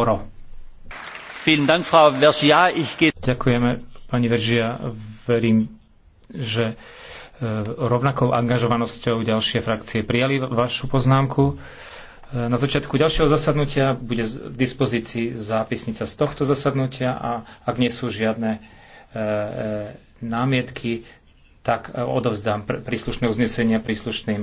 Ďakujeme, pani Veržia. Verím, že e, rovnakou angažovanosťou ďalšie frakcie prijali vašu poznámku. E, na začiatku ďalšieho zasadnutia bude k dispozícii zápisnica z tohto zasadnutia a ak nie sú žiadne e, námietky, tak odovzdám príslušné uznesenia príslušným